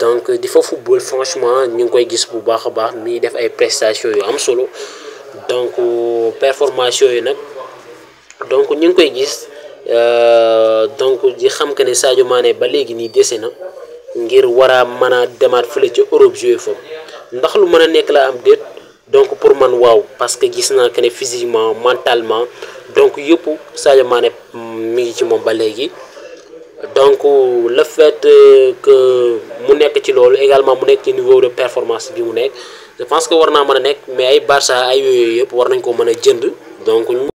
donc euh, des fa football franchement ñing koy gis bu baax baax mi def ay prestations yu am solo donc euh, performance yooyu nak donc ñing koy gis euh, donc di xam que ne Sadio Mané ba légui ni dese na ngir wara mëna démat a ci Europe jouer football ndax lu mëna a nekk la am déet donc pour man waaw parce que gis naa que ne physiquement mentalement donc yëpp Sadio Mané mm, mi ngi ci mom ba légui donc le fait que. mu nekk ci loolu également mu nekk ci niveau de performance bi mu nekk je pense war naa mën a nekk mais ay Barça ay yooyu yëpp war nañ ko mën a jënd donc.